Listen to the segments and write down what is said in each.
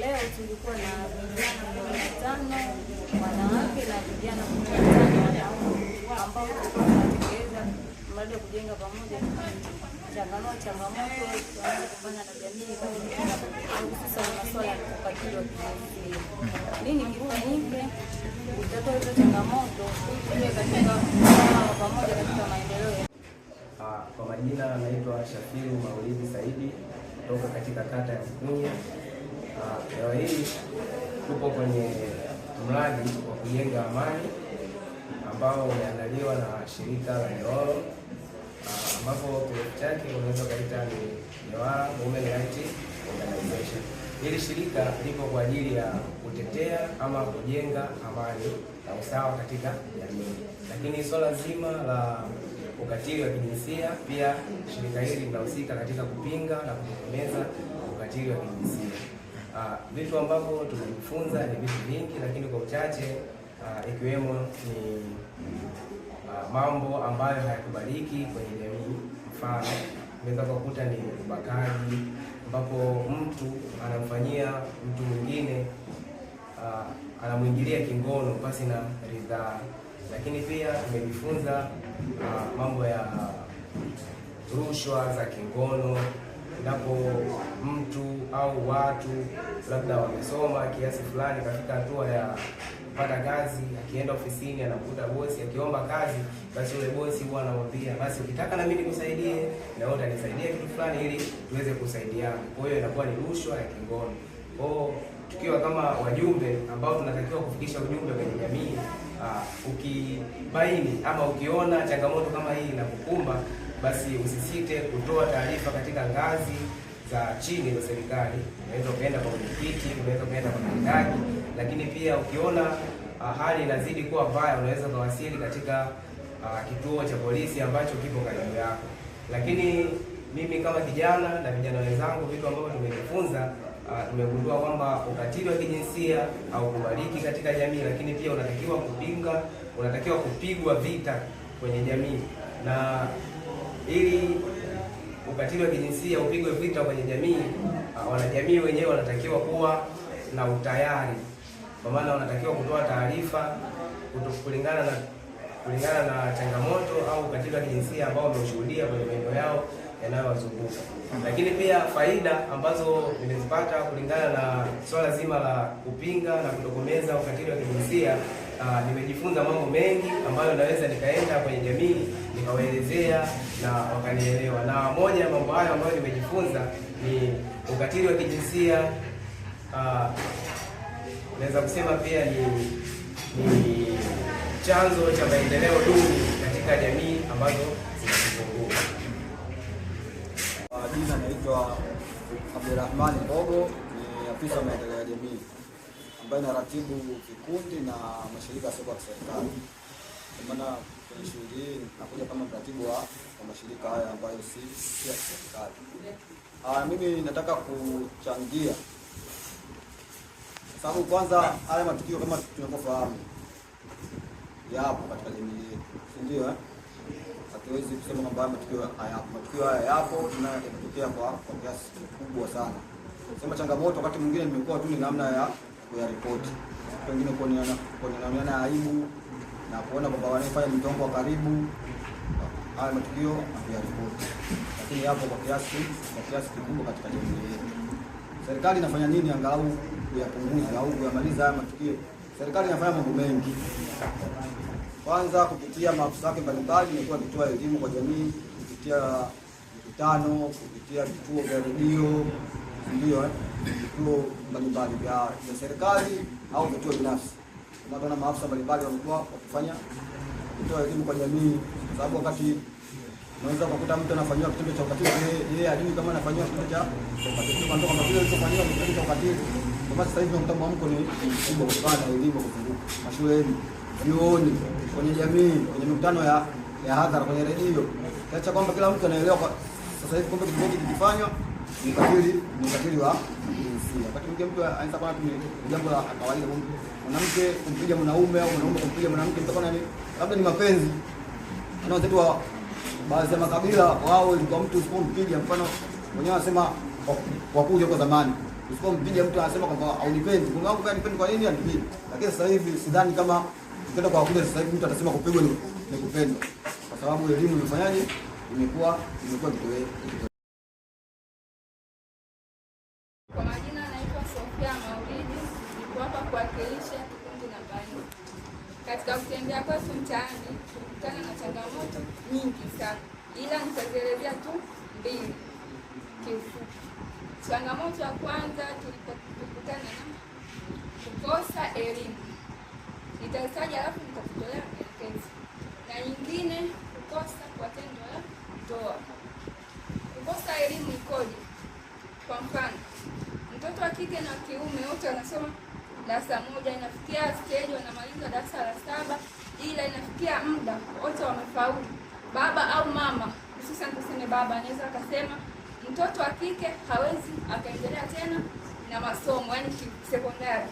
Leo na vijana kumi na vijana ambao tulikuwa tunatekeleza kujenga pamoja, changanua changamoto wanazokutana na changamoto pamoja katika maendeleo? Kwa majina anaitwa Shafiru Maulidi Saidi kutoka katika kata ya Mkunya. Ah, leo hii tupo kwenye mradi wa kujenga amani ambao umeandaliwa na shirika la Newala ah, ambapo kirefu chake unaweza ukaita ni Newala Women Rights Organization. Hili shirika lipo kwa ajili ya kutetea ama kujenga amani na usawa katika jamii, lakini swala zima la ukatili wa kijinsia. Pia shirika hili linahusika katika kupinga na kutokomeza ukatili wa kijinsia. Ah, vitu ambavyo tumejifunza ni vitu vingi, lakini kwa uchache ah, ikiwemo ni a, ah, mambo ambayo hayakubaliki kwenye jamii. Mfano, unaweza kukuta ni ubakaji ambapo mtu anamfanyia mtu mwingine anamwingilia kingono pasi na ridhaa, lakini pia tumejifunza uh, mambo ya rushwa za kingono, endapo mtu au watu labda wamesoma kiasi fulani katika hatua ya kupata kazi, akienda ofisini anakuta bosi akiomba kazi, basi yule bosi huwa anamwambia basi, ukitaka na mimi nikusaidie, na wewe utanisaidia kitu fulani, ili tuweze kusaidiana. Kwa hiyo inakuwa ni rushwa ya kingono. Kwa hiyo tukiwa kama wajumbe ambao tunatakiwa kufikisha ujumbe kwenye jamii Uh, ukibaini ama ukiona changamoto kama hii inakukumba, basi usisite kutoa taarifa katika ngazi za chini za serikali. Unaweza ukaenda kwa mwenyekiti, unaweza ukaenda kwa mtendaji, lakini pia ukiona uh, hali inazidi kuwa mbaya, unaweza ukawasili katika uh, kituo cha polisi ambacho kipo karibu yako. Lakini mimi kama kijana na vijana wenzangu, vitu ambavyo tumejifunza Ah, tumegundua kwamba ukatili wa kijinsia haukubaliki katika jamii, lakini pia unatakiwa kupinga, unatakiwa kupigwa vita kwenye jamii, na ili ukatili wa kijinsia upigwe vita kwenye jamii, ah, wanajamii wenyewe wanatakiwa kuwa na utayari, kwa maana wanatakiwa kutoa taarifa kulingana na kulingana na changamoto au ukatili wa kijinsia ambao wameshuhudia kwenye maeneo yao yanayowazunguka, lakini pia faida ambazo nimezipata kulingana na swala zima la kupinga na kutokomeza ukatili wa kijinsia. Uh, nimejifunza mambo mengi ambayo naweza nikaenda kwenye jamii nikawaelezea na wakanielewa, na moja ya mambo hayo ambayo nimejifunza ni ukatili wa kijinsia uh, naweza kusema pia ni, ni chanzo cha maendeleo duni katika jamii ambazo zinazozunguka. Jina naitwa Abdurahmani Mbogo, ni afisa wa maendeleo ya jamii ambaye naratibu kikundi na mashirika ya ya kiserikali. Kwa maana kwenye shughuli hii nakuja kama mratibu wa mashirika haya ambayo si ya kiserikali. Ah, mimi nataka kuchangia sababu kwanza, haya matukio kama tunavyofahamu yapo katika jamii yetu, si ndio? Eh? hatuwezi kusema kwamba matukio haya yapo na yanatokea kwa kiasi kikubwa sana. Sema changamoto wakati mwingine nimekuwa tu ni namna ya kuyaripoti, pengine kuoneana aibu na kuona kwamba wanaofanya mtongo wa karibu haya matukio hatuyaripoti, lakini yapo kwa kiasi kwa kiasi kikubwa katika jamii yetu. Serikali inafanya nini angalau kuyapunguza au kuyamaliza haya matukio? Serikali inafanya mambo mengi kwanza, kupitia maafisa wake mbalimbali imekuwa akitoa elimu kwa jamii kupitia mikutano, kupitia vituo vya redio, ndio vituo mbalimbali vya serikali au vituo binafsi. Tunaona maafisa mbalimbali wamekuwa wakifanya kutoa elimu kwa jamii, kwa sababu wakati unaweza kukuta mtu anafanyiwa kitendo cha ukatili, yeye ajui kama anafanyiwa kitendo cha ukatili, kwa sababu kile kilichofanyiwa kitendo cha ukatili, kwa sababu sasa hivi mtamwamko ni mkubwa kutokana na elimu kufunguka mashuleni vyuoni, kwenye jamii, kwenye mikutano ya ya hadhara, kwenye redio, kiacha kwamba kila mtu anaelewa kwa sasa hivi. Kumbe kitendo hiki kikifanywa ni ukatili, ni ukatili wa jinsia. Wakati mwingine mtu anaweza kuona ni jambo la kawaida, mwanamke kumpiga mwanaume au mwanaume kumpiga mwanamke, mtakuwa ni labda ni mapenzi. Ana wenzetu wa baadhi ya makabila wao ilikuwa mtu usipompiga, mfano mwenyewe anasema oh, wakuja kwa zamani usipompiga mtu anasema kwamba haunipendi. Kumbe wangu kanipendi, kwa nini anipige? Lakini sasa hivi sidhani kama Ukienda kwa wakuja sasa hivi mtu atasema kupigwa ni kupendwa, kwa sababu elimu imefanyaje, imekuwa imekuwa kitoweo. Kwa majina naitwa Sofia Maulidi, niko hapa kuwakilisha kikundi namba nne. Katika kutembea kwetu mtaani tulikutana na changamoto nyingi sana, ila nitazielezea tu mbili kiufupi. Changamoto ya kwanza tulikutana na kukosa elimu utahitaji alafu nitakutolea maelekezo, na nyingine kukosa kwa tendo la ndoa. Kukosa elimu ikoje? Kwa mfano, mtoto wa kike na kiume wote wanasoma darasa moja, inafikia stage wanamaliza darasa la saba, ila inafikia muda wote wamefaulu. Baba au mama, hususan tuseme baba, anaweza akasema mtoto wa kike hawezi akaendelea tena na masomo, yani sekondari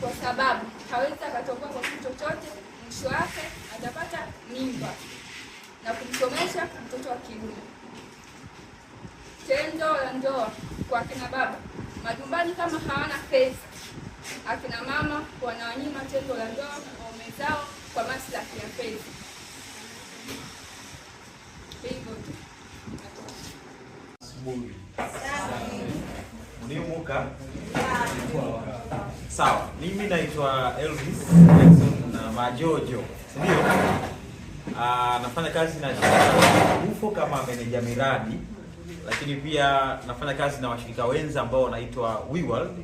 kwa sababu hawezi akatokoa kwa kitu chochote, mwisho wake atapata mimba na kumsomesha mtoto wa kiume. Tendo la ndoa kwa akina baba majumbani, kama hawana pesa, akina mama wanawanyima tendo la ndoa waume zao kwa maslahi ya pesa. Hivyo tu mulimuka Sawa, mimi naitwa Elvis Jackson na Majojo, ndio? Ah, nafanya kazi na UFO kama meneja miradi, lakini pia nafanya kazi na washirika wenza ambao wanaitwa WeWorld.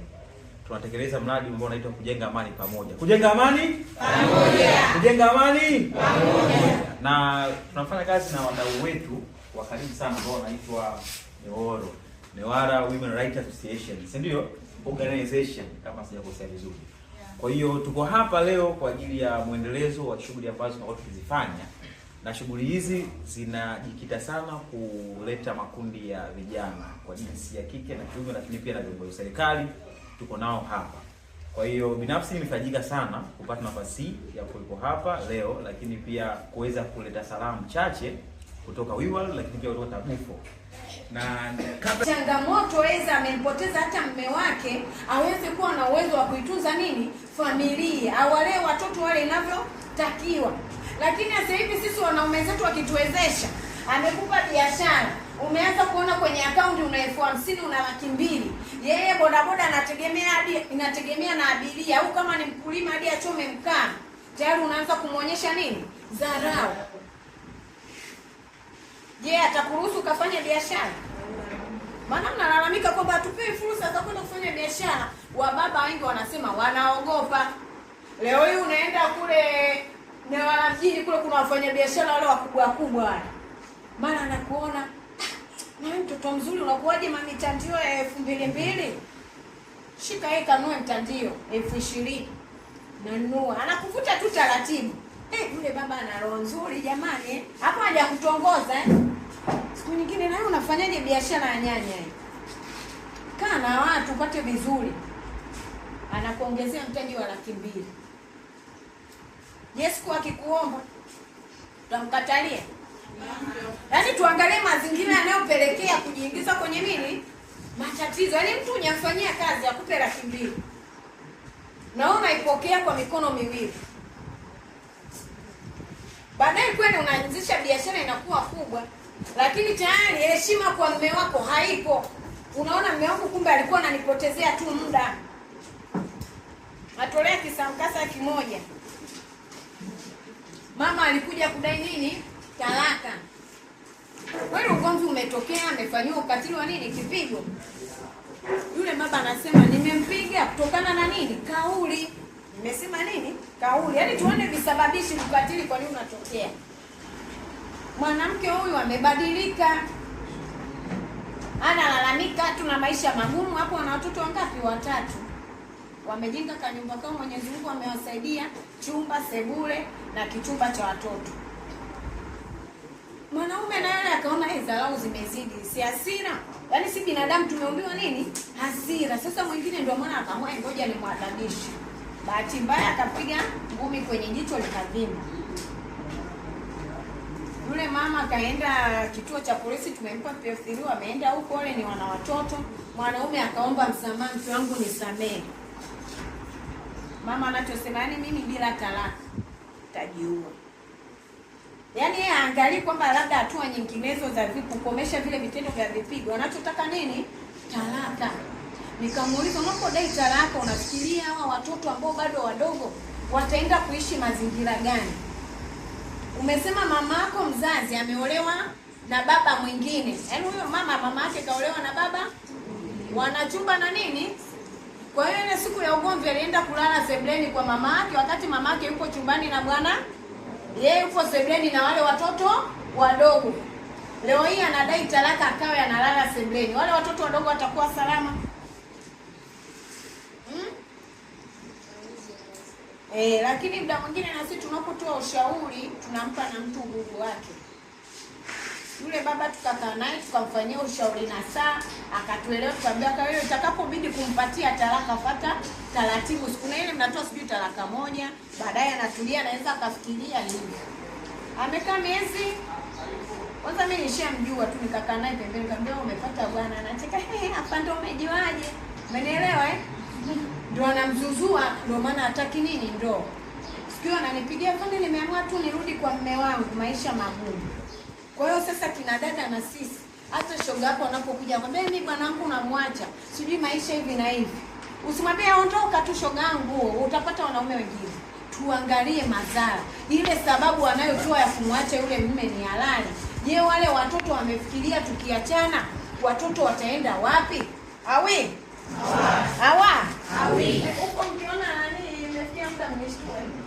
Tunatekeleza mradi ambao unaitwa kujenga amani pamoja, kujenga amani pamoja, kujenga amani pamoja, na tunafanya kazi na wadau wetu wa karibu sana ambao wanaitwa neoro Newara Women Rights Association, si ndio? organization kama sijakosea vizuri. Kwa hiyo tuko hapa leo kwa ajili ya mwendelezo wa shughuli ambazo tunakuwa tukizifanya, na shughuli hizi zinajikita sana kuleta makundi ya vijana kwa jinsi ya kike na kiume, lakini pia na viongozi wa serikali tuko nao hapa. Kwa hiyo binafsi nimefajika sana kupata nafasi ya kuwepo hapa leo, lakini pia kuweza kuleta salamu chache kutoka WIWAL, lakini pia kutoka TABUFO kabla changamoto weza amempoteza hata mme wake, aweze kuwa na uwezo wa kuitunza nini familia, awalee watoto wale inavyotakiwa. Lakini sasa hivi sisi wanaume zetu wakituwezesha, amekupa biashara umeanza kuona kwenye akaunti una elfu hamsini una laki mbili. Yeye bodaboda anategemea hadi inategemea na abiria, au kama ni mkulima hadi achome mkaa, tayari unaanza kumwonyesha nini dharau. Je, yeah, atakuruhusu ukafanya biashara? Maana mnalalamika kwamba hatupewi fursa za kwenda kufanya biashara. Wababa wengi wanasema wanaogopa. Leo hii unaenda kule Newala mjini kule, kuna wafanyabiashara wale wakubwa wakubwa wale, mara anakuona nawe mtoto mzuri, unakuwaje mami, mitandio ya elfu mbili mbili, shika hii kanua mtandio elfu ishirini nanua, anakuvuta tu taratibu. Hey, eh, yule baba ana roho nzuri jamani, hapa hajakutongoza eh? siku nyingine nayo unafanyaje biashara ya nyanya hii? Kaa na watu upate vizuri, anakuongezea mtaji wa laki mbili. Je, akikuomba tutamkatalia Yaani tuangalie mazingira yanayopelekea kujiingiza kwenye nini matatizo. Yaani mtu unyafanyia kazi akupe laki mbili na wewe unaipokea kwa mikono miwili, baadaye kweli unaanzisha biashara inakuwa kubwa lakini tayari heshima kwa mume wako haipo. Unaona, mume wako kumbe alikuwa ananipotezea tu muda, natolea kisamkasa kimoja. Mama alikuja kudai nini? Talaka. Kweli ugomvi umetokea, amefanyiwa ukatili wa nini? Kipigo. Yule baba anasema nimempiga kutokana na nini? Kauli. Nimesema nini? Kauli. Yaani tuone visababishi ukatili, kwa nini unatokea? mwanamke huyu amebadilika, analalamika tu na maisha magumu. Hapo ana watoto wangapi? Watatu. Wamejenga kanyumba kao, Mwenyezi Mungu amewasaidia chumba, sebule na kichumba cha watoto. Mwanaume na yeye akaona hizo dharau zimezidi, si hasira. Yaani si binadamu tumeumbiwa nini? Hasira. Sasa mwingine ndio maana akamwambia ngoja nimwadabishe. Bahati mbaya akapiga ngumi kwenye jicho likavimba. Yule mama akaenda kituo cha polisi, tumempa PF3, ameenda huko, wale ni wana watoto. Mwanaume akaomba msamaha, mke wangu nisamehe. Mama anachosema yani, mimi bila talaka tajiua. Yaani yeye aangalii kwamba labda hatua nyinginezo za kukomesha vile vitendo vya vipigo, anachotaka nini? Talaka. Nikamuuliza, unapodai talaka unafikiria hawa watoto ambao bado wadogo wataenda kuishi mazingira gani? Umesema yako mzazi ameolewa na baba mwingine, yaani huyo mama mama yake kaolewa na baba, wanachumba na nini. Kwa hiyo ile siku ya ugomvi alienda kulala sebleni kwa mama yake, wakati mama yake yupo chumbani na bwana, yeye yupo sebleni na wale watoto wadogo. Leo hii anadai talaka, akawe analala sebleni, wale watoto wadogo watakuwa salama? E, lakini muda mwingine na sisi tunapotoa ushauri tunampa na mtu nguvu wake. Yule baba tukakaa naye tukamfanyia ushauri na saa akatuelewa, tukamwambia kwa hiyo itakapobidi kumpatia talaka, fata taratibu. Siku ile mnatoa sijui talaka moja, baadaye anatulia, anaweza akafikiria nini. Amekaa miezi kwanza, mimi nishamjua tu, nikakaa naye pembeni, nikamwambia umepata bwana. Anacheka, hapa ndio umejuaje? Umenielewa eh? ndio anamzuzua, ndio maana hataki nini, ndio sikio ananipigia kwani nimeamua tu nirudi kwa mme wangu, maisha magumu. Kwa hiyo sasa kina dada na sisi, hata shoga yako anapokuja kwambia mimi bwana wangu namwacha, sijui maisha hivi na hivi, usimwambie ondoka tu shoga yangu, utapata wanaume wengine. Tuangalie madhara, ile sababu anayotoa ya kumwacha yule mume ni halali? Je, wale watoto wamefikiria tukiachana watoto wataenda wapi? awe hawa hawi. Huko mkiona nani, imefikia muda mnishtue.